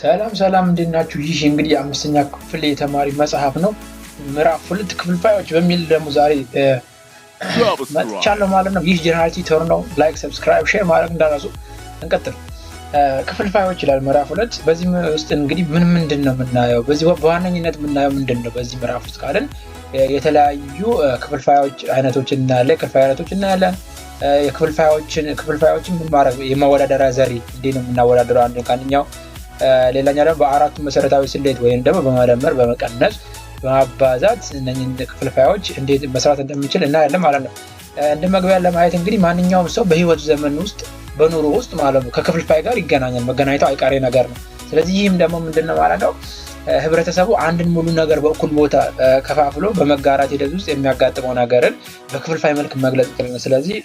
ሰላም ሰላም፣ እንዴናችሁ ይህ እንግዲህ የአምስተኛ ክፍል የተማሪ መጽሐፍ ነው። ምዕራፍ ሁለት ክፍልፋዮች በሚል ደግሞ ዛሬ መጥቻለሁ ማለት ነው። ይህ ጀነራል ቲቶር ነው። ላይክ፣ ሰብስክራይብ፣ ሼር ማድረግ እንዳራሱ። እንቀጥል። ክፍልፋዮች ይላል ምዕራፍ ሁለት። በዚህ ውስጥ እንግዲህ ምን ምንድን ነው የምናየው? በዚህ በዋነኝነት የምናየው ምንድን ነው በዚህ ምዕራፍ ውስጥ ካለን የተለያዩ ክፍልፋዮች አይነቶች እናያለን። የክፍልፋይ አይነቶች እናያለን። የክፍልፋዮችን ክፍልፋዮችን ምን ማድረግ የመወዳደሪያ ዘሬ እንዴ ነው የምናወዳደረው አንድ ከአንደኛው ሌላኛው ደግሞ በአራቱ መሰረታዊ ስሌት ወይም ደግሞ በመደመር፣ በመቀነስ፣ በማባዛት እነኝን ክፍልፋዮች እንዴት መስራት እንደምንችል እናያለን ማለት ነው። እንደ መግቢያ ለማየት እንግዲህ ማንኛውም ሰው በህይወት ዘመን ውስጥ በኑሮ ውስጥ ማለት ነው ከክፍልፋይ ጋር ይገናኛል። መገናኘቱ አይቀሬ ነገር ነው። ስለዚህ ይህም ደግሞ ምንድን ነው ማለት ነው ህብረተሰቡ አንድን ሙሉ ነገር በእኩል ቦታ ከፋፍሎ በመጋራት ሂደት ውስጥ የሚያጋጥመው ነገርን በክፍልፋይ መልክ መግለጽ ይችላል። ስለዚህ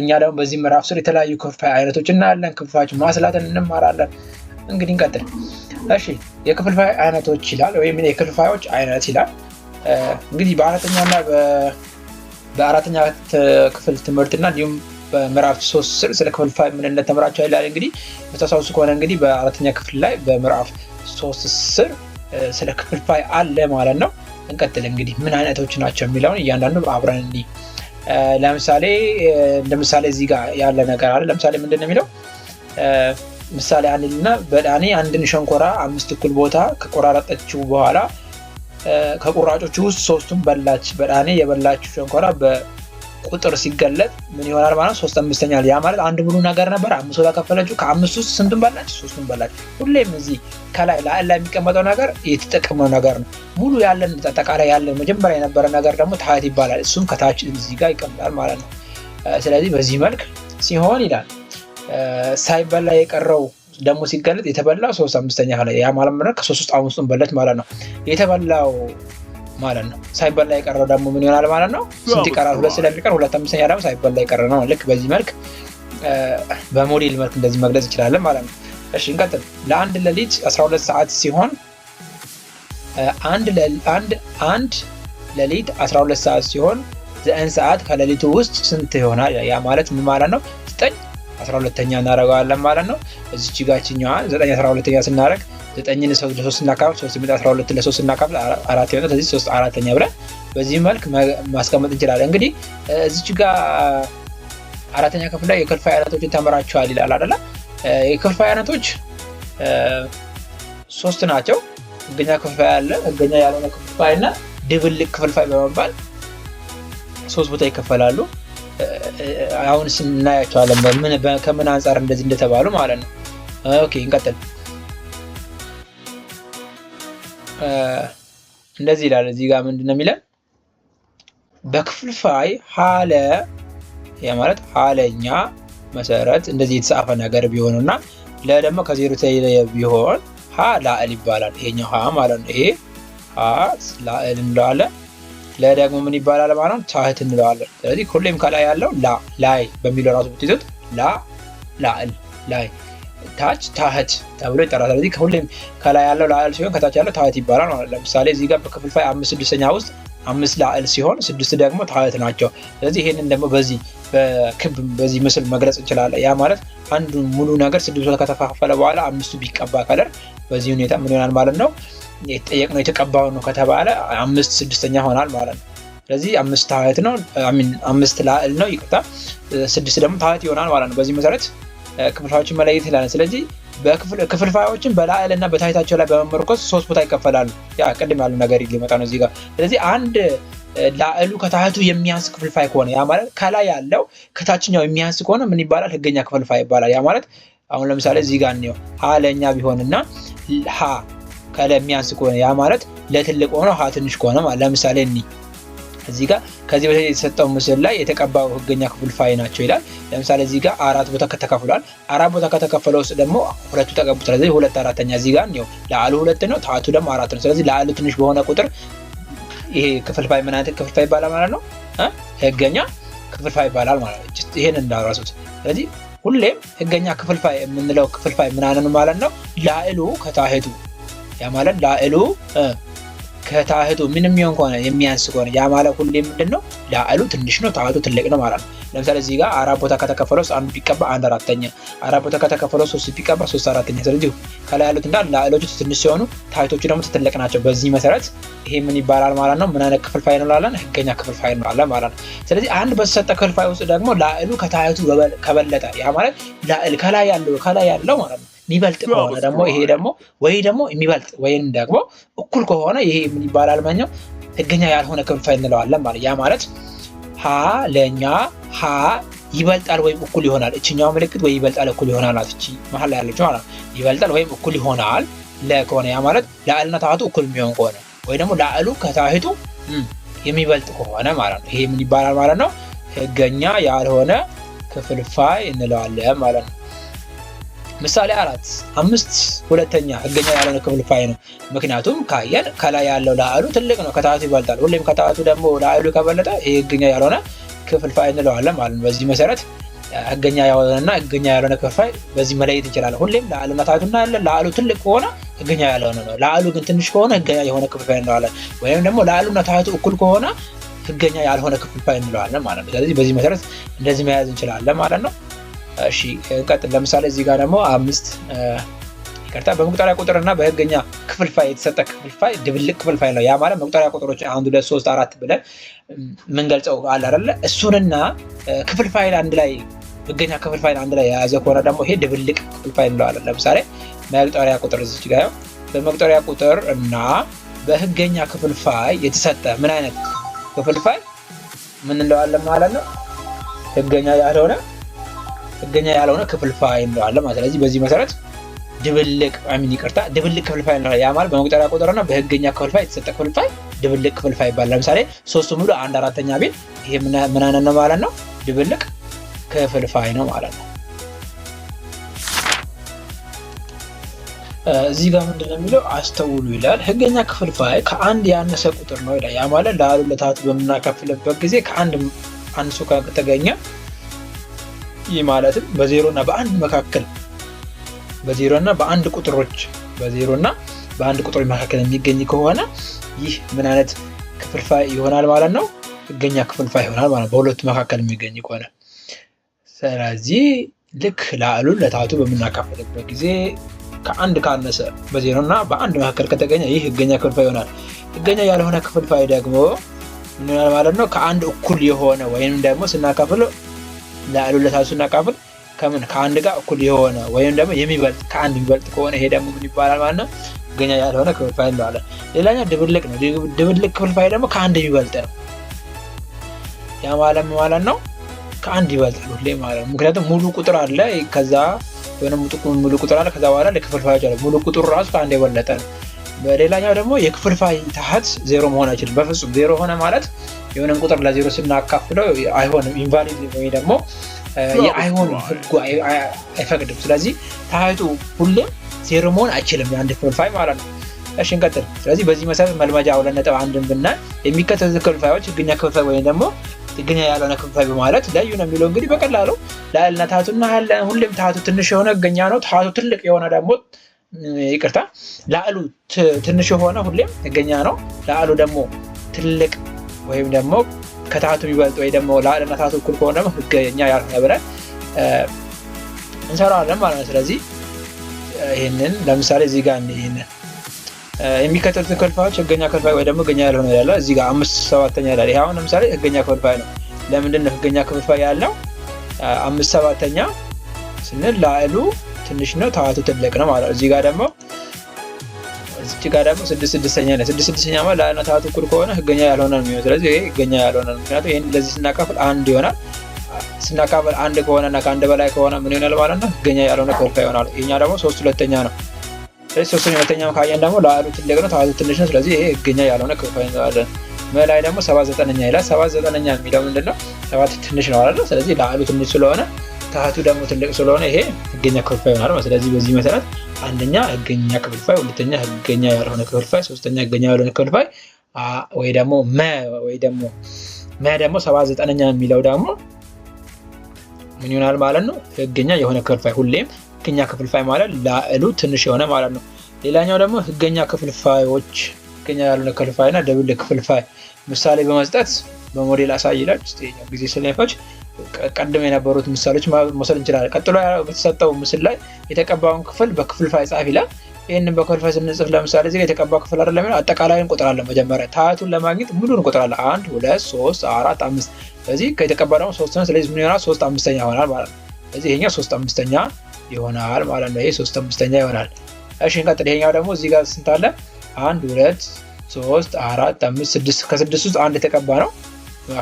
እኛ ደግሞ በዚህ ምዕራፍ ስር የተለያዩ ክፍልፋይ አይነቶች እናያለን። ክፍልፋዮች ማስላትን እንማራለን። እንግዲህ እንቀጥል። እሺ የክፍልፋይ አይነቶች ይላል ወይም የክፍልፋዮች አይነት ይላል። እንግዲህ ና በአራተኛ ክፍል ትምህርትና እንዲሁም በምዕራፍ ሶስት ስር ስለ ክፍልፋይ ምንነት ተምራቸው ይላል። እንግዲህ የምታስታውሱ ከሆነ እንግዲህ በአራተኛ ክፍል ላይ በምዕራፍ ሶስት ስር ስለ ክፍልፋይ አለ ማለት ነው። እንቀጥል እንግዲህ ምን አይነቶች ናቸው የሚለውን እያንዳንዱ አብረን እንዲህ ለምሳሌ እንደምሳሌ እዚህ ጋር ያለ ነገር አለ። ለምሳሌ ምንድን ነው የሚለው ምሳሌ አንድና እና በዳኔ አንድን ሸንኮራ አምስት እኩል ቦታ ከቆራረጠችው በኋላ ከቁራጮቹ ውስጥ ሶስቱን በላች። በዳኔ የበላችው ሸንኮራ በቁጥር ሲገለጥ ምን ይሆናል ማለት ሶስት አምስተኛ ያ ማለት አንድ ሙሉ ነገር ነበር። አምስት ቦታ ከፈለችው። ከአምስት ውስጥ ስንቱን በላች? ሶስቱን በላች። ሁሌም እዚህ ከላይ ላይ ላይ የሚቀመጠው ነገር የተጠቀመው ነገር ነው። ሙሉ ያለን አጠቃላይ ያለን መጀመሪያ የነበረ ነገር ደግሞ ታህት ይባላል። እሱም ከታች እዚህ ጋር ይቀመጣል ማለት ነው። ስለዚህ በዚህ መልክ ሲሆን ይላል ሳይበላ የቀረው ደግሞ ሲገለጥ የተበላው ሶስት አምስተኛ ላይ ያ ማለት ምረ ከሶስት ውስጥ አምስቱን በለት ማለት ነው የተበላው ማለት ነው። ሳይበላ የቀረው ደግሞ ምን ይሆናል ማለት ነው? ስንት ይቀራል? ሁለት ስለሚቀር ሁለት አምስተኛ ደግሞ ሳይበላ የቀረ ነው። ልክ በዚህ መልክ በሞዴል መልክ እንደዚህ መግለጽ እንችላለን ማለት ነው። እሺ እንቀጥል። ለአንድ ሌሊት 12 ሰዓት ሲሆን አንድ ሌሊት 12 ሰዓት ሲሆን ዘጠኝ ሰዓት ከሌሊቱ ውስጥ ስንት ይሆናል? ያ ማለት ምን ማለት ነው? ዘጠኝ 12 ተኛ እናደረገዋለን ማለት ነው። እዚች ጋችኛዋ 9 12ኛ ስናደርግ 9 ለሶስት እናካፍል 3 ሚጣ 12 ለሶስት እናካፍል አራት ይሆናል። ስለዚህ 3 አራተኛ ብለን በዚህ መልክ ማስቀመጥ እንችላለን። እንግዲህ እዚች ጋ አራተኛ ክፍል ላይ የክልፋይ አይነቶችን ተምራችኋል ይላል አደለ? የክልፋይ አይነቶች ሶስት ናቸው። ህገኛ ክፍልፋይ አለ፣ ህገኛ ያልሆነ ክፍልፋይ እና ድብልቅ ክፍልፋይ በመባል ሶስት ቦታ ይከፈላሉ። አሁን ስናያቸዋለን ከምን አንጻር እንደዚህ እንደተባሉ ማለት ነው። ኦኬ እንቀጥል። እንደዚህ ይላል። እዚህ ጋር ምንድን ነው የሚለን? በክፍልፋይ ሀለ ማለት ሀለኛ መሰረት እንደዚህ የተጻፈ ነገር ቢሆንና ለደግሞ ከዜሮ ተለየ ቢሆን ሀ ላዕል ይባላል። ይሄኛው ሀ ማለት ነው። ይሄ ሀ ላዕል እንለዋለን። ለደግሞ ምን ይባላል ማለት ነው? ታህት እንለዋለን። ስለዚህ ሁሌም ከላይ ያለው ላ ላይ በሚለው ራሱ ብትይዙት ላ ላል ላይ ታች ታህት ተብሎ ይጠራል። ስለዚህ ከሁሌም ከላይ ያለው ላዕል ሲሆን ከታች ያለው ታህት ይባላል ማለት ለምሳሌ እዚህ ጋር በክፍልፋይ አምስት ስድስተኛ ውስጥ አምስት ላእል ሲሆን ስድስት ደግሞ ታህት ናቸው። ስለዚህ ይህንን ደግሞ በዚህ በክብ በዚህ ምስል መግለጽ እንችላለን። ያ ማለት አንዱ ሙሉ ነገር ስድስት ከተፋፈለ በኋላ አምስቱ ቢቀባ ከለር በዚህ ሁኔታ ምን ይሆናል ማለት ነው የተጠየቅ ነው የተቀባው ነው ከተባለ አምስት ስድስተኛ ሆናል ማለት ነው። ስለዚህ አምስት ታህት ነው ሚን አምስት ላዕል ነው ይቅርታ፣ ስድስት ደግሞ ታህት ይሆናል ማለት ነው። በዚህ መሰረት ክፍልፋዮችን መለየት ይላል። ስለዚህ ክፍልፋዮችን በላዕል እና በታህታቸው ላይ በመመርኮስ ሶስት ቦታ ይከፈላሉ። ያ ቅድም ያሉ ነገር ሊመጣ ነው እዚህ ጋር። ስለዚህ አንድ ላዕሉ ከታህቱ የሚያንስ ክፍልፋይ ከሆነ ያ ማለት ከላይ ያለው ከታችኛው የሚያንስ ከሆነ ምን ይባላል? ህገኛ ክፍልፋይ ይባላል። ያ ማለት አሁን ለምሳሌ እዚህ ጋር እንየው ሀ ለእኛ ቢሆንና ሀ ከለ የሚያንስ ከሆነ ያ ማለት ለትልቅ ሆነ ሀ ትንሽ ከሆነ ለምሳሌ እኒ እዚህ ጋር ከዚህ በፊት የተሰጠው ምስል ላይ የተቀባው ህገኛ ክፍል ፋይ ናቸው ይላል። ለምሳሌ እዚህ ጋር አራት ቦታ ከተከፍሏል። አራት ቦታ ከተከፈለ ውስጥ ደግሞ ሁለቱ ተቀቡ። ስለዚህ ሁለት አራተኛ እዚህ ጋር ነው። ለአሉ ሁለት ነው፣ ታቱ ደግሞ አራት ነው። ስለዚህ ለአሉ ትንሽ በሆነ ቁጥር ይሄ ክፍል ፋይ ምን አይነት ክፍል ፋይ ይባላል ማለት ነው? ህገኛ ክፍል ፋይ ይባላል ማለት ነው። ይህን እንዳረሱት። ስለዚህ ሁሌም ህገኛ ክፍል ፋይ የምንለው ክፍል ፋይ ምናምን ማለት ነው ለአሉ ከታሄቱ ያ ማለት ላዕሉ ከታህቱ ምንም ይሆን ከሆነ የሚያንስ ከሆነ ያ ማለት ሁሌ ምንድን ነው ላዕሉ ትንሽ ነው፣ ታህቱ ትልቅ ነው ማለት ነው። ለምሳሌ እዚህ ጋር አራት ቦታ ከተከፈለ ውስጥ አንዱ ቢቀባ አንድ አራተኛ፣ አራት ቦታ ከተከፈለ ሶስት ቢቀባ ሶስት አራተኛ። ስለዚህ ከላይ ያሉት እንዳ ላዕሎቹ ትንሽ ሲሆኑ ታህቶቹ ደግሞ ትልቅ ናቸው። በዚህ መሰረት ይሄ ምን ይባላል ማለት ነው? ምን አይነት ክፍልፋይ ላለን ህገኛ ክፍልፋይ እንላለን ማለት ነው። ስለዚህ አንድ በተሰጠ ክፍልፋይ ውስጥ ደግሞ ላዕሉ ከታህቱ ከበለጠ ያ ማለት ላዕል ከላይ ያለው ከላይ ያለው ማለት ነው የሚበልጥ ከሆነ ደግሞ ይሄ ደግሞ ወይ ደግሞ የሚበልጥ ወይም ደግሞ እኩል ከሆነ ይሄ ምን ይባላል? ማኛው ህገኛ ያልሆነ ክንፈ እንለዋለን ማለት ያ ማለት ሀ ለእኛ ሀ ይበልጣል ወይም እኩል ይሆናል። እችኛው ምልክት ወይ ይበልጣል እኩል ይሆናል ናት እቺ መሀል ላይ ያለችው ማለት ይበልጣል ወይም እኩል ይሆናል ለከሆነ ያ ማለት ለአልና ታህቱ እኩል የሚሆን ከሆነ ወይ ደግሞ ለአሉ ከታህቱ የሚበልጥ ከሆነ ማለት ነው። ይሄ ምን ይባላል ማለት ነው? ህገኛ ያልሆነ ክፍልፋይ እንለዋለን ማለት ነው። ምሳሌ አራት አምስት ሁለተኛ ህገኛ ያልሆነ ክፍልፋይ ነው። ምክንያቱም ካየን ከላይ ያለው ለአሉ ትልቅ ነው፣ ከታቱ ይበልጣል። ሁሌም ከታቱ ደግሞ ለአሉ ከበለጠ ይህ ህገኛ ያልሆነ ክፍልፋይ እንለዋለን ማለት ነው። በዚህ መሰረት ህገኛ የሆነና ህገኛ ያልሆነ ክፍልፋይ በዚህ መለየት እንችላለን። ሁሌም ለአሉና ታቱ እናያለን። ለአሉ ትልቅ ከሆነ ህገኛ ያልሆነ ነው። ለአሉ ግን ትንሽ ከሆነ ህገኛ የሆነ ክፍልፋይ እንለዋለን። ወይም ደግሞ ለአሉና ታቱ እኩል ከሆነ ህገኛ ያልሆነ ክፍልፋይ እንለዋለን ማለት ነው። ስለዚህ በዚህ መሰረት እንደዚህ መያዝ እንችላለን ማለት ነው። እሺ ቀጥል። ለምሳሌ እዚህ ጋር ደግሞ አምስት ይቅርታ፣ በመቁጠሪያ ቁጥር እና በህገኛ ክፍልፋይ የተሰጠ ክፍልፋይ ድብልቅ ክፍልፋይ ነው። ያ ማለት መቁጠሪያ ቁጥሮች አንድ፣ ሁለት፣ ሶስት፣ አራት ብለን ምንገልጸው አለ አይደለ? እሱንና ክፍልፋይን አንድ ላይ ህገኛ ክፍልፋይን አንድ ላይ የያዘ ከሆነ ደግሞ ይሄ ድብልቅ ክፍልፋይ እንለዋለን። ለምሳሌ መቁጠሪያ ቁጥር እዚች ጋ በመቁጠሪያ ቁጥር እና በህገኛ ክፍልፋይ የተሰጠ ምን አይነት ክፍልፋይ ምን እንለዋለን ማለት ነው? ህገኛ ያልሆነ ጥገኛ ያልሆነ ክፍልፋይ እንለዋለን ማለት። ስለዚህ በዚህ መሰረት ድብልቅ ሚን ይቅርታ፣ ድብልቅ ክፍልፋይ እንለዋለን። ያ ማለት በመቁጠሪያ ቁጥርና በህገኛ ክፍልፋይ የተሰጠ ክፍልፋይ ድብልቅ ክፍልፋይ ይባላል። ለምሳሌ ሶስቱ ሙሉ አንድ አራተኛ ቢል ይሄ ምን አይነት ነው ማለት ነው? ድብልቅ ክፍልፋይ ነው ማለት ነው። እዚህ ጋር ምንድን የሚለው አስተውሉ ይላል። ህገኛ ክፍልፋይ ከአንድ ያነሰ ቁጥር ነው ይላል። ያ ማለት ለአሉ ለታቱ በምናከፍልበት ጊዜ ከአንድ አንሶ ከተገኘ ይህ ማለትም በዜሮ እና በአንድ መካከል በዜሮ እና በአንድ ቁጥሮች በዜሮ እና በአንድ ቁጥሮች መካከል የሚገኝ ከሆነ ይህ ምን አይነት ክፍልፋይ ይሆናል ማለት ነው? ጥገኛ ክፍልፋይ ይሆናል ማለት በሁለቱ መካከል የሚገኝ ከሆነ። ስለዚህ ልክ ለአሉን ለታቱ በምናካፍልበት ጊዜ ከአንድ ካነሰ በዜሮ እና በአንድ መካከል ከተገኘ ይህ ህገኛ ክፍልፋይ ይሆናል። ህገኛ ያልሆነ ክፍልፋይ ደግሞ ምን ማለት ነው? ከአንድ እኩል የሆነ ወይም ደግሞ ስናካፍለው ለውለታ ስናካፍል ከምን ከአንድ ጋር እኩል የሆነ ወይም ደግሞ የሚበልጥ ከአንድ የሚበልጥ ከሆነ ይሄ ደግሞ ምን ይባላል ማለት ነው? ገኛ ያልሆነ ክፍል ፋይል እንለዋለን። ሌላኛው ድብልቅ ነው። ድብልቅ ክፍል ፋይል ደግሞ ከአንድ የሚበልጥ ነው። ያ ማለም ማለት ነው ከአንድ ይበልጣል ሁሌ ማለት ነው። ምክንያቱም ሙሉ ቁጥር አለ ከዛ የሆነ ሙሉ ቁጥር አለ ከዛ በኋላ ለክፍል ፋዮች ሙሉ ቁጥሩ ራሱ ከአንድ የበለጠ ነው። በሌላኛው ደግሞ የክፍል ፋይ ዜሮ መሆን አይችልም። በፍጹም ዜሮ ሆነ ማለት የሆነን ቁጥር ለዜሮ ስናካፍለው አይሆንም። ኢንቫሊድ ወይ ደግሞ የአይሆን ህጉ አይፈቅድም። ስለዚህ ታይቱ ሁሌም ዜሮ መሆን አይችልም፣ የአንድ ክፍልፋይ ማለት ነው። እሺ እንቀጥል። ስለዚህ በዚህ መሰረት መልመጃ ሁለት ነጥብ አንድን ብናል የሚከተሉት ክፍልፋዮች ህግኛ ክፍልፋይ ወይም ደግሞ ህግኛ ያልሆነ ክፍልፋይ በማለት ለዩ ነው የሚለው እንግዲህ በቀላሉ ላልና ታቱና ሁሌም ታቱ ትንሽ የሆነ ህገኛ ነው። ታቱ ትልቅ የሆነ ደግሞ ይቅርታ፣ ለአሉ ትንሽ የሆነ ሁሌም ህገኛ ነው። ለአሉ ደግሞ ትልቅ ወይም ደግሞ ከታቱ የሚበልጥ ወይ ደግሞ ለአንድና ታቱ እኩል ከሆነ ደግሞ ህገኛ ያልሆነ ብለን እንሰራለን ማለት ነው። ስለዚህ ይህንን ለምሳሌ እዚህ ጋር ይህንን የሚከተሉትን ክፍልፋዮች ህገኛ ክፍልፋይ ወይ ደግሞ ህገኛ ያልሆነ ያለ እዚህ ጋር አምስት ሰባተኛ ይላል። ይሄ አሁን ለምሳሌ ህገኛ ክፍልፋይ ነው። ለምንድን ነው ህገኛ ክፍልፋይ ያለው? አምስት ሰባተኛ ስንል ላዕሉ ትንሽ ነው፣ ታዋቱ ትልቅ ነው ማለት ነው። እዚህ ጋር ደግሞ እዚህ ጋር ደግሞ ስድስት ስድስተኛ ላይ ስድስት ስድስተኛ ማለት እኩል ከሆነ ህገኛ ያልሆነ ነው የሚሆነው። ስለዚህ ይሄ ህገኛ ያልሆነ ነው። ምክንያቱም ይህን ለዚህ ስናካፍል አንድ ይሆናል። ስናካፍል አንድ ከሆነና ከአንድ በላይ ከሆነ ምን ይሆናል ማለት ነው? ህገኛ ያልሆነ ኮካ ይሆናል። ይኛ ደግሞ ሶስት ሁለተኛ ነው። ስለዚህ ሶስተኛ ሁለተኛ ካየን ደግሞ ለአሉ ትልቅ ነው፣ ታዋቱ ትንሽ ነው። ስለዚህ ይሄ ህገኛ ያልሆነ ኮካ ይዘዋለን። መላይ ደግሞ ሰባት ዘጠነኛ ይላል። ሰባት ዘጠነኛ የሚለው ምንድን ነው? ሰባት ትንሽ ነው አለ። ስለዚህ ለአሉ ትንሽ ስለሆነ ታህቱ ደግሞ ትልቅ ስለሆነ ይሄ ህገኛ ክፍልፋይ ይሆናል። ስለዚህ በዚህ መሰረት አንደኛ ህገኛ ክፍልፋይ፣ ሁለተኛ ህገኛ ያልሆነ ክፍልፋይ፣ ሶስተኛ ህገኛ ያልሆነ ክፍልፋይ ወይ ደግሞ መ ወይ ደግሞ መ ደግሞ ሰባ ዘጠነኛ የሚለው ደግሞ ምን ይሆናል ማለት ነው? ህገኛ የሆነ ክፍልፋይ። ሁሌም ህገኛ ክፍልፋይ ማለት ላዕሉ ትንሽ የሆነ ማለት ነው። ሌላኛው ደግሞ ህገኛ ክፍልፋዮች፣ ህገኛ ያልሆነ ክፍልፋይ እና ደብል ክፍልፋይ ምሳሌ በመስጠት በሞዴል አሳይ ይላል ጊዜ ስለሚፈጅ ቀድም የነበሩት ምሳሌዎች መውሰድ እንችላለን። ቀጥሎ በተሰጠው ምስል ላይ የተቀባውን ክፍል በክፍልፋይ ጻፍ ይላል። ይህንን በክፍልፋይ ስንጽፍ ለምሳሌ እዚህ የተቀባው ክፍል አይደለም፣ አጠቃላይ እንቆጥራለን። መጀመሪያ ታያቱን ለማግኘት ሙሉ እንቆጥራለን። አንድ ሁለት ሶስት አራት አምስት። ስለዚህ ከተቀባ ደግሞ ሶስት ነው። ስለዚህ ምን ይሆናል? ሶስት አምስተኛ ይሆናል ማለት ነው። ስለዚህ ይሄኛው ሶስት አምስተኛ ይሆናል ማለት ነው። ይሄ ሶስት አምስተኛ ይሆናል። እሺ እንቀጥል። ይሄኛው ደግሞ እዚህ ጋር ስንት አለ? አንድ ሁለት ሶስት አራት አምስት ስድስት። ከስድስት ውስጥ አንድ የተቀባ ነው።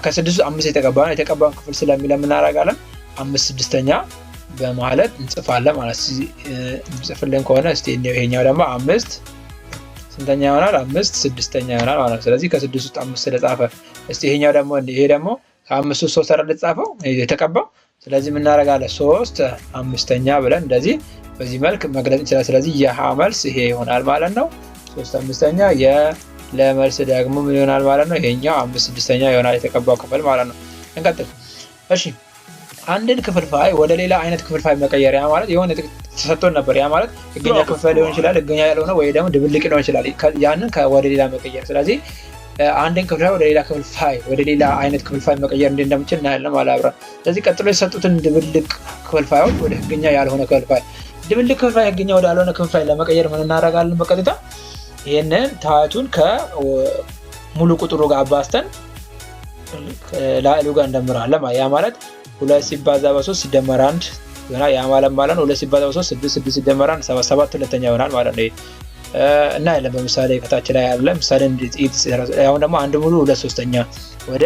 ከስድስቱ አምስት የተቀባ ነው። የተቀባውን ክፍል ስለሚለ የምናደርጋለን አምስት ስድስተኛ በማለት እንጽፋለን ማለት እንጽፍልን ከሆነ ስ ይሄኛው ደግሞ አምስት ስንተኛ ይሆናል? አምስት ስድስተኛ ይሆናል ማለት ነው። ስለዚህ ከስድስት ውስጥ አምስት ስለጻፈ እስቲ ይሄኛው ደግሞ ይሄ ደግሞ ከአምስት ውስጥ ሶስት አይደል የተጻፈው የተቀባው። ስለዚህ የምናደርጋለን ሶስት አምስተኛ ብለን እንደዚህ በዚህ መልክ መግለጽ እንችላለን። ስለዚህ የሀ መልስ ይሄ ይሆናል ማለት ነው። ሶስት አምስተኛ ለመልስ ደግሞ ምን ይሆናል ማለት ነው? ይሄኛው አምስት ስድስተኛ ይሆናል የተቀባው ክፍል ማለት ነው። እንቀጥል። እሺ አንድን ክፍልፋይ ወደ ሌላ አይነት ክፍልፋይ መቀየር ያ ማለት የሆነ ተሰጥቶን ነበር። ያ ማለት ህገኛ ክፍልፋይ ሊሆን ይችላል፣ ህገኛ ያልሆነ ወይ ደግሞ ድብልቅ ሊሆን ይችላል። ያንን ወደ ሌላ መቀየር። ስለዚህ አንድን ክፍልፋይ ወደ ሌላ ክፍልፋይ ወደ ሌላ አይነት ክፍልፋይ መቀየር እንዴት እንደምችል እናያለን ማለት አብረን። ስለዚህ ቀጥሎ የተሰጡትን ድብልቅ ክፍልፋዮች ወደ ህገኛ ያልሆነ ክፍልፋይ፣ ድብልቅ ክፍልፋይ ህገኛ ወዳልሆነ ክፍልፋይ ለመቀየር ምን እናደርጋለን በቀጥታ ይህንን ታዋቱን ከሙሉ ቁጥሩ ጋር አባስተን ላዕሉ ጋር እንደምራለን። ያ ማለት ሁለት ሲባዛ በሶስት ሲደመር አንድ ይሆናል። ያ ማለት ማለት ነው ሁለት ሲባዛ በሶስት ስድስት፣ ስድስት ሲደመር አንድ ሰባት፣ ሰባት ሁለተኛ ይሆናል ማለት ነው። እና ያለን በምሳሌ ከታች ላይ ያለ ምሳሌ አሁን ደግሞ አንድ ሙሉ ሁለት ሶስተኛ ወደ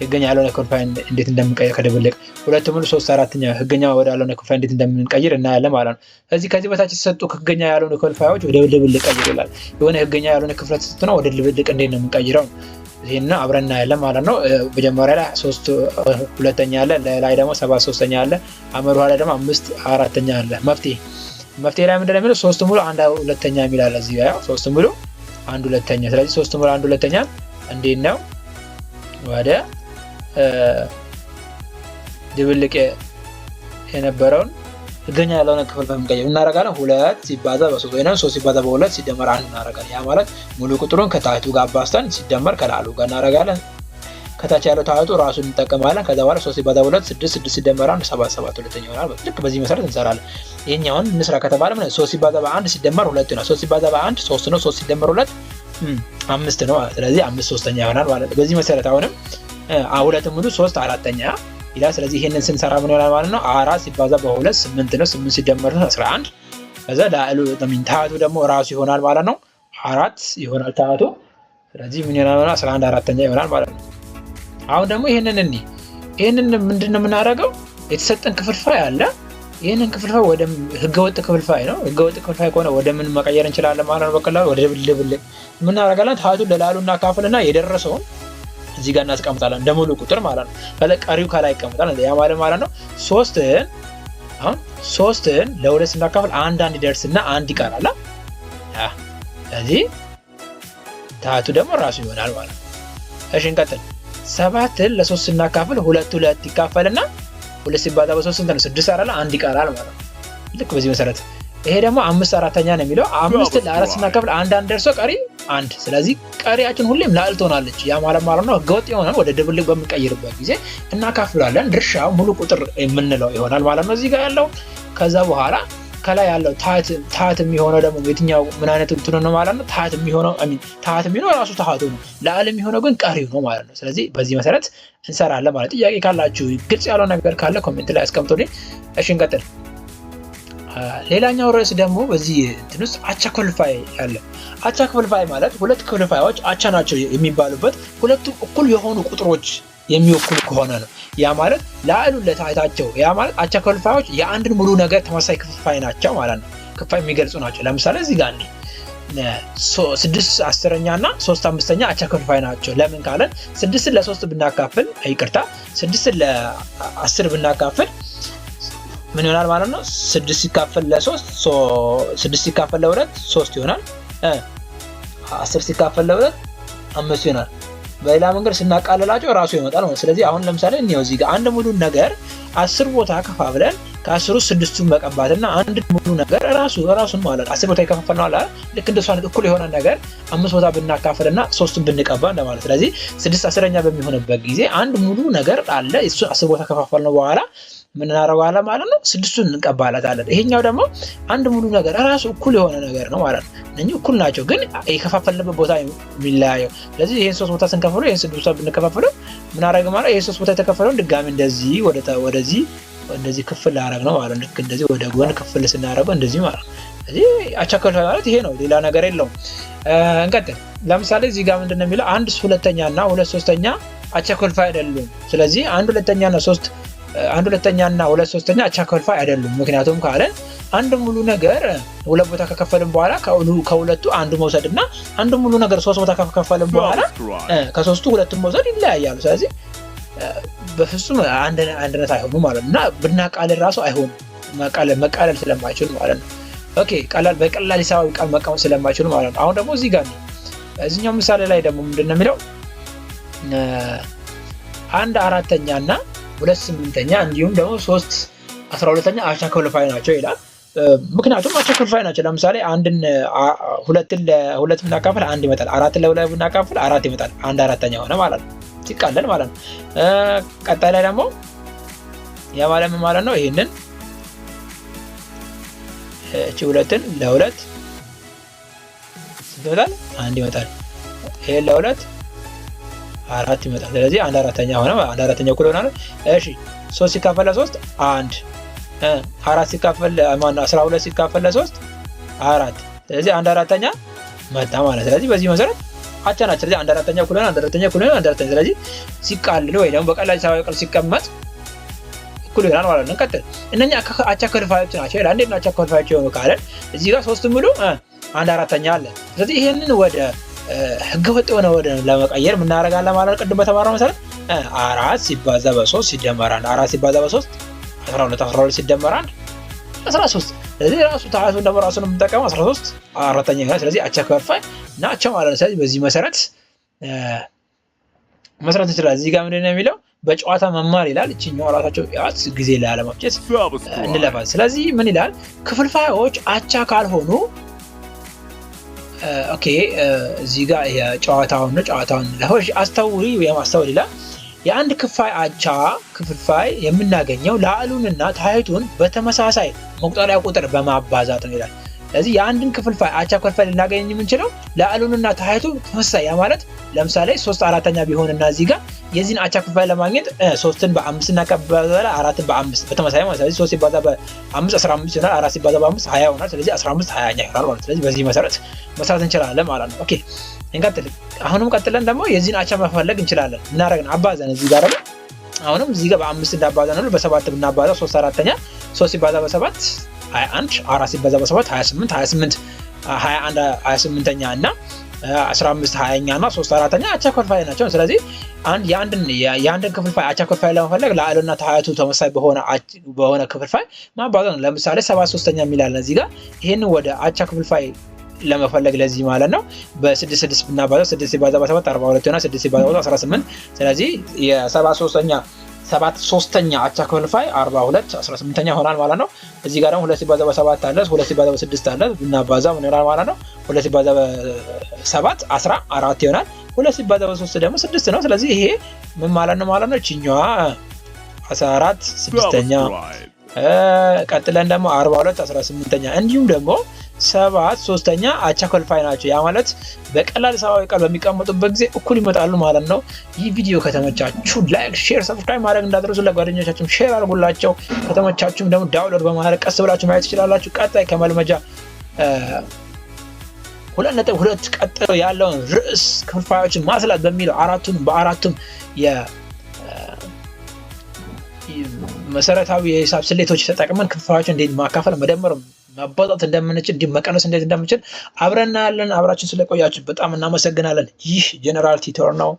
ህገኛ ያለሆነ ኮንፋይ እንዴት እንደምንቀይር ከድብልቅ ሁለት ሙሉ ሶስት አራተኛ ህገኛ ወደ ያለሆነ ኮንፋይ እንዴት እንደምንቀይር እናያለን ማለት ነው። ስለዚህ ከዚህ በታች የተሰጡ ህገኛ ያለሆነ ኮንፋዮች ወደ ድብልቅ ቀይር ይላል። የሆነ ህገኛ ያለሆነ ክፍለት ነው ወደ ድብልቅ እንዴት ነው የምንቀይረው ይህን አብረን እናያለን ማለት ነው። መጀመሪያ ላይ ሶስት ሁለተኛ አለ፣ ለላይ ደግሞ ሰባት ሶስተኛ አለ፣ አመድ ኋላ ደግሞ አምስት አራተኛ አለ። መፍትሄ መፍትሄ ላይ ምንድን የሚለው ሶስት ሙሉ አንድ ሁለተኛ የሚላለ አለ እዚህ ጋር ሶስት ሙሉ አንድ ሁለተኛ። ስለዚህ ሶስት ሙሉ አንድ ሁለተኛ እንዴት ነው ወደ ድብልቅ የነበረውን ጥገኛ ያልሆነ ክፍል በመቀየር እናደርጋለን። ሁለት ሲባዛ በሶስት ወይም ሶስት ሲባዛ በሁለት ሲደመር አንድ እናደርጋለን። ያ ማለት ሙሉ ቁጥሩን ከታህቱ ጋር አባስተን ሲደመር ከላሉ ጋር እናደርጋለን። ከታች ያለው ታህቱ ራሱን እንጠቀማለን። ከዛ በኋላ ሶስት ሲባዛ በሁለት ስድስት፣ ስድስት ሲደመር አንድ ሰባት፣ ሰባት ሁለተኛ ይሆናል። ልክ በዚህ መሰረት እንሰራለን። ይህኛውን እንስራ ከተባለ ምን ሶስት ሲባዛ በአንድ ሲደመር ሁለት ይሆናል። ሶስት ሲባዛ በአንድ ሶስት ነው። ሶስት ሲደመር ሁለት አምስት ነው። ስለዚህ አምስት ሶስተኛ ይሆናል ማለት በዚህ መሰረት አሁንም ሁለትም ሙሉ ሶስት አራተኛ ይላል። ስለዚህ ይህንን ስንሰራ ምን ይሆናል ማለት ነው? አራት ሲባዛ በሁለት ስምንት ነው። ስምንት ሲደመር ነው አስራ አንድ ከዛ ዳዕሉ ታህቱ ደግሞ ራሱ ይሆናል ማለት ነው። አራት ይሆናል ታቱ። ስለዚህ ምን ይሆናል ማለት ነው? አስራ አንድ አራተኛ ይሆናል ማለት ነው። አሁን ደግሞ ይህንን እኒ ይህንን ምንድን ነው የምናደርገው? የተሰጠን ክፍልፋይ አለ። ይህንን ክፍልፋይ ወደ ህገወጥ ክፍልፋይ ነው። ህገወጥ ክፍልፋይ ከሆነ ወደ ምን መቀየር እንችላለን ማለት ነው? በቀላሉ ወደ ድብልብል ምን ታቱ ታህቱን ለላሉ እናካፍልና የደረሰውን እዚህ ጋር እናስቀምጣለን እንደ ሙሉ ቁጥር ማለት ነው። ከዛ ቀሪው ከላይ ይቀምጣል። ያ ማለት ማለት ነው ሶስትን አሁን ሶስትን ለሁለት ስናካፍል አንድ አንድ ደርስና አንድ ይቀራል። ስለዚህ ታቱ ደግሞ ራሱ ይሆናል ማለት ነው። እሺ እንቀጥል። ሰባትን ለሶስት ስናካፍል ሁለት ሁለት ይካፈልና ሁለት ሲባዛ በሶስት ስንት ነው? ስድስት አራለ አንድ ይቀራል ማለት ነው። ልክ በዚህ መሰረት ይሄ ደግሞ አምስት አራተኛ ነው የሚለው አምስት ለአራት ስናካፍል አንድ አንድ ደርሶ ቀሪ አንድ። ስለዚህ ቀሪያችን ሁሌም ለአል ትሆናለች። ያ ማለት ማለት ነው ህገወጥ የሆነን ወደ ድብልቅ በምንቀይርበት ጊዜ እናካፍላለን። ድርሻ ሙሉ ቁጥር የምንለው ይሆናል ማለት ነው እዚህ ጋር ያለው ከዛ በኋላ ከላይ ያለው ታት የሚሆነው ደግሞ የትኛው ምን አይነት እንትኑ ነው ማለት ነው። ታት የሚሆነው ታት የሚሆነው ራሱ ታህቱ ነው። ለአል የሚሆነው ግን ቀሪው ነው ማለት ነው። ስለዚህ በዚህ መሰረት እንሰራለን ማለት። ጥያቄ ካላችሁ ግልጽ ያለው ነገር ካለ ኮሜንት ላይ አስቀምጡልኝ። እሺ እንቀጥል። ሌላኛው ርዕስ ደግሞ በዚህ እንትን ውስጥ አቻ ኮልፋይ አለ። አቻ ኮልፋይ ማለት ሁለት ክፍልፋዮች አቻ ናቸው የሚባሉበት ሁለቱም እኩል የሆኑ ቁጥሮች የሚወክሉ ከሆነ ነው። ያ ማለት ለአዕሉን ለታታቸው ያ ማለት አቻ ክፍልፋዮች የአንድን ሙሉ ነገር ተመሳሳይ ክፍፋይ ናቸው ማለት ነው። ክፍልፋይ የሚገልጹ ናቸው። ለምሳሌ እዚህ ጋር ስድስት አስረኛ እና ሶስት አምስተኛ አቻ ክፍልፋይ ናቸው። ለምን ካለን ስድስትን ለሶስት ብናካፍል፣ ይቅርታ ስድስትን ለአስር ብናካፍል ምን ይሆናል ማለት ነው? ስድስት ሲካፈል ለሶስት ስድስት ሲካፈል ለሁለት ሶስት ይሆናል። አስር ሲካፈል ለሁለት አምስት ይሆናል። በሌላ መንገድ ስናቃልላቸው ራሱ ይመጣል ማለት። ስለዚህ አሁን ለምሳሌ እኒው እዚህ ጋር አንድ ሙሉ ነገር አስር ቦታ ከፋብለን ከአስሩ ስድስቱን መቀባትና አንድ ሙሉ ነገር ራሱ ራሱን ማለት አስር ቦታ ነው አላል ልክ እንደሷ እኩል የሆነ ነገር አምስት ቦታ እና ሶስቱን ብንቀባ እንደማለት። ስለዚህ ስድስት አስረኛ በሚሆንበት ጊዜ አንድ ሙሉ ነገር አለ እሱ አስር ቦታ ነው በኋላ ምናረባለ ማለት ነው። ስድስቱን እንቀባለታለን። ይሄኛው ደግሞ አንድ ሙሉ ነገር ራሱ እኩል የሆነ ነገር ነው ማለት ነው። እ እኩል ናቸው፣ ግን የከፋፈልንበት ቦታ የሚለያየው። ስለዚህ ይህን ሶስት ቦታ ስንከፍለው ይህን ስድስት ቦታ ብንከፋፍለው ምናረግ ማለት ይህን ሶስት ቦታ የተከፈለውን ድጋሚ እንደዚህ ወደዚህ እንደዚህ ክፍል ላረግ ነው ማለት ልክ እንደዚህ ወደ ጎን ክፍል ስናረገው እንደዚህ ማለት ነው። አቻከል ማለት ይሄ ነው፣ ሌላ ነገር የለውም። እንቀጥል። ለምሳሌ እዚህ ጋር ምንድነው የሚለው አንድ ሁለተኛ እና ሁለት ሶስተኛ አቻኮልፋ አይደሉም። ስለዚህ አንድ ሁለተኛ ነው ሶስት አንድ ሁለተኛና ሁለት ሶስተኛ አቻ አይደሉም። ምክንያቱም ካለን አንድ ሙሉ ነገር ሁለት ቦታ ከከፈልን በኋላ ከሁለቱ አንዱ መውሰድ እና አንድ ሙሉ ነገር ሶስት ቦታ ከከፈልን በኋላ ከሶስቱ ሁለቱን መውሰድ ይለያያሉ። ስለዚህ በፍጹም አንድነት አይሆኑም ማለት ነው እና ብናቃልል ራሱ አይሆኑ መቃለል ስለማይችሉ ማለት ነው። ኦኬ ቀላል በቀላል ሂሳባዊ ቃል መቀመጥ ስለማይችሉ ማለት ነው። አሁን ደግሞ እዚህ ጋር ነው እዚኛው ምሳሌ ላይ ደግሞ ምንድን ነው የሚለው አንድ አራተኛ እና ሁለት ስምንተኛ እንዲሁም ደግሞ ሶስት አስራ ሁለተኛ አቻ ክፍልፋይ ናቸው ይላል። ምክንያቱም አቻ ክፍልፋይ ናቸው። ለምሳሌ አንድን ሁለትን ለሁለት ብናካፍል አንድ ይመጣል። አራትን ለሁለት ብናካፍል አራት ይመጣል። አንድ አራተኛ ሆነ ማለት ነው ሲቃለን ማለት ነው። ቀጣይ ላይ ደግሞ የማለም ማለት ማለት ነው? ይህንን እቺ ሁለትን ለሁለት ስንት ይመጣል? አንድ ይመጣል። ይህን ለሁለት አራት ይመጣል። ስለዚህ አንድ አራተኛ ሆነ። አንድ አራተኛ እኩል ሆናል። እሺ ሶስት ሲካፈል ለሶስት አንድ፣ አራት ሲካፈል ማነው አስራ ሁለት ሲካፈል ለሶስት አራት። ስለዚህ አንድ አራተኛ መጣ ማለት። ስለዚህ በዚህ መሰረት አቻ ናቸው። ስለዚህ አንድ አራተኛ እኩል ሆናል። አንድ አራተኛ እኩል ሆናል። አንድ አራተኛ ስለዚህ ሲቃልል ወይ ደግሞ በቀላል ሰባዊ ቅርጽ ሲቀመጥ እኩል ይሆናል ማለት ነው። ቀጥል እነኛ አቻ ክፍልፋዮች ናቸው ይላል። እንዴት ነው አቻ ክፍልፋዮች የሆኑ ካለን እዚህ ጋር ሶስት ሙሉ አንድ አራተኛ አለ። ስለዚህ ይህንን ወደ ህገወጥ የሆነ ወደ ለመቀየር ምናደረጋለ ማለት ቅድም በተማረው መሰረት አራት ሲባዛ በሶስት ሲደመር አንድ አራት ሲባዛ በሶስት አስራ ሁለት አስራ ሁለት ሲደመር አንድ አስራ ሶስት ስለዚህ ራሱ ታሱ ደግሞ ራሱን የምንጠቀመው አስራ ሶስት አራተኛ ይሆናል። ስለዚህ አቻ ከፋይ ናቸው ማለት ነው። ስለዚህ በዚህ መሰረት መስራት ይችላል። እዚህ ጋር ምንድን ነው የሚለው በጨዋታ መማር ይላል። እችኛው ራሳቸው ያት ጊዜ ላለማፍጨት እንለፋል። ስለዚህ ምን ይላል ክፍልፋዮች አቻ ካልሆኑ ኦኬ uh, uh, እዚህ ጋር የጨዋታውን ነው ጨዋታውን አስተውሪ ወይም አስተውል ይላል። የአንድ ክፋይ አቻ ክፍልፋይ የምናገኘው ላዕሉንና ታይቱን በተመሳሳይ መቁጠሪያ ቁጥር በማባዛት ነው ይላል። ስለዚህ የአንድን ክፍልፋይ አቻ ክፍልፋይ ልናገኝ የምንችለው ለአሉንና ታህቱ ተመሳሳይ ያ ማለት ለምሳሌ ሶስት አራተኛ ቢሆንና እዚህ ጋር የዚህን አቻ ክፍልፋይ ለማግኘት ሶስትን በአምስት እና ከባለ አራትን በአምስት በተመሳሳይ ማለት ስለዚህ ሶስት ሲባዛ በአምስት አስራ አምስት ይሆናል። አራት ሲባዛ በአምስት ሀያ ይሆናል። ስለዚህ አስራ አምስት ሀያኛ ይሆናል ማለት ስለዚህ በዚህ መሰረት መስራት እንችላለን ማለት ነው። ኦኬ እንቀጥል። አሁንም ቀጥለን ደግሞ የዚህን አቻ መፈለግ እንችላለን። እናደረግን አባዘን እዚህ ጋር ደግሞ አሁንም እዚህ ጋር በአምስት እንዳባዛ ነው በሰባት ብናባዛ ሶስት አራተኛ ሶስት ሲባዛ በሰባት 21 አራት ሲበዛ በሰባት 28 28 21 28ኛ እና 15 20ኛ እና 3 አራተኛ አቻ ክፍልፋይ ናቸው። ስለዚህ የአንድን ክፍልፋይ አቻ ክፍልፋይ ለመፈለግ ለአልና ተሀያቱ ተመሳይ በሆነ ክፍልፋይ ማባዛት ነው። ለምሳሌ 73ኛ የሚላል እዚህ ጋር ይህን ወደ አቻ ክፍልፋይ ለመፈለግ ለዚህ ማለት ነው በስድስት ስድስት ብናባዛው 6 ሲባዛ በሰባት አርባ ሁለት ይሆናል። ስድስት ሲባዛ በሰባት አስራ ስምንት ስለዚህ ሰባት ሶስተኛ አቻ ክፍልፋይ 42 18ኛ ሆናል ማለት ነው። እዚህ ጋር ደግሞ ሁለት ሲባዛ በሰባት አለ ሁለት ሲባዛ በስድስት አለ ምን ይሆናል ማለት ነው? ሁለት ሲባዛ በሰባት 14 ይሆናል። ሁለት ሲባዛ በሶስት ደግሞ ስድስት ነው። ስለዚህ ይሄ ምን ማለት ነው ማለት ነው? ችኛዋ 14 ስድስተኛ ቀጥለን ደግሞ 42 18ኛ እንዲሁም ደግሞ ሰባት ሶስተኛ አቻ ኮልፋይ ናቸው። ያ ማለት በቀላል ሰባዊ ቃል በሚቀመጡበት ጊዜ እኩል ይመጣሉ ማለት ነው። ይህ ቪዲዮ ከተመቻችሁ ላይክ፣ ሼር፣ ሰብስክራይብ ማድረግ እንዳትረሱ። ለጓደኞቻችሁም ሼር አድርጉላቸው። ከተመቻችሁም ደግሞ ዳውንሎድ በማድረግ ቀስ ብላችሁ ማየት ትችላላችሁ። ቀጣይ ከመልመጃ ሁለት ነጥብ ሁለት ቀጥሎ ያለውን ርዕስ ክፍልፋዮችን ማስላት በሚለው አራቱን በአራቱም መሰረታዊ የሂሳብ ስሌቶች ተጠቅመን ክፍልፋዮችን እንዴት ማካፈል መደመር መባጣት እንደምንችል እንዲሁም መቀነስ እንዴት እንደምንችል አብረና ያለን አብራችን ስለቆያችሁ በጣም እናመሰግናለን። ይህ ጀነራል ቲቶር ነው።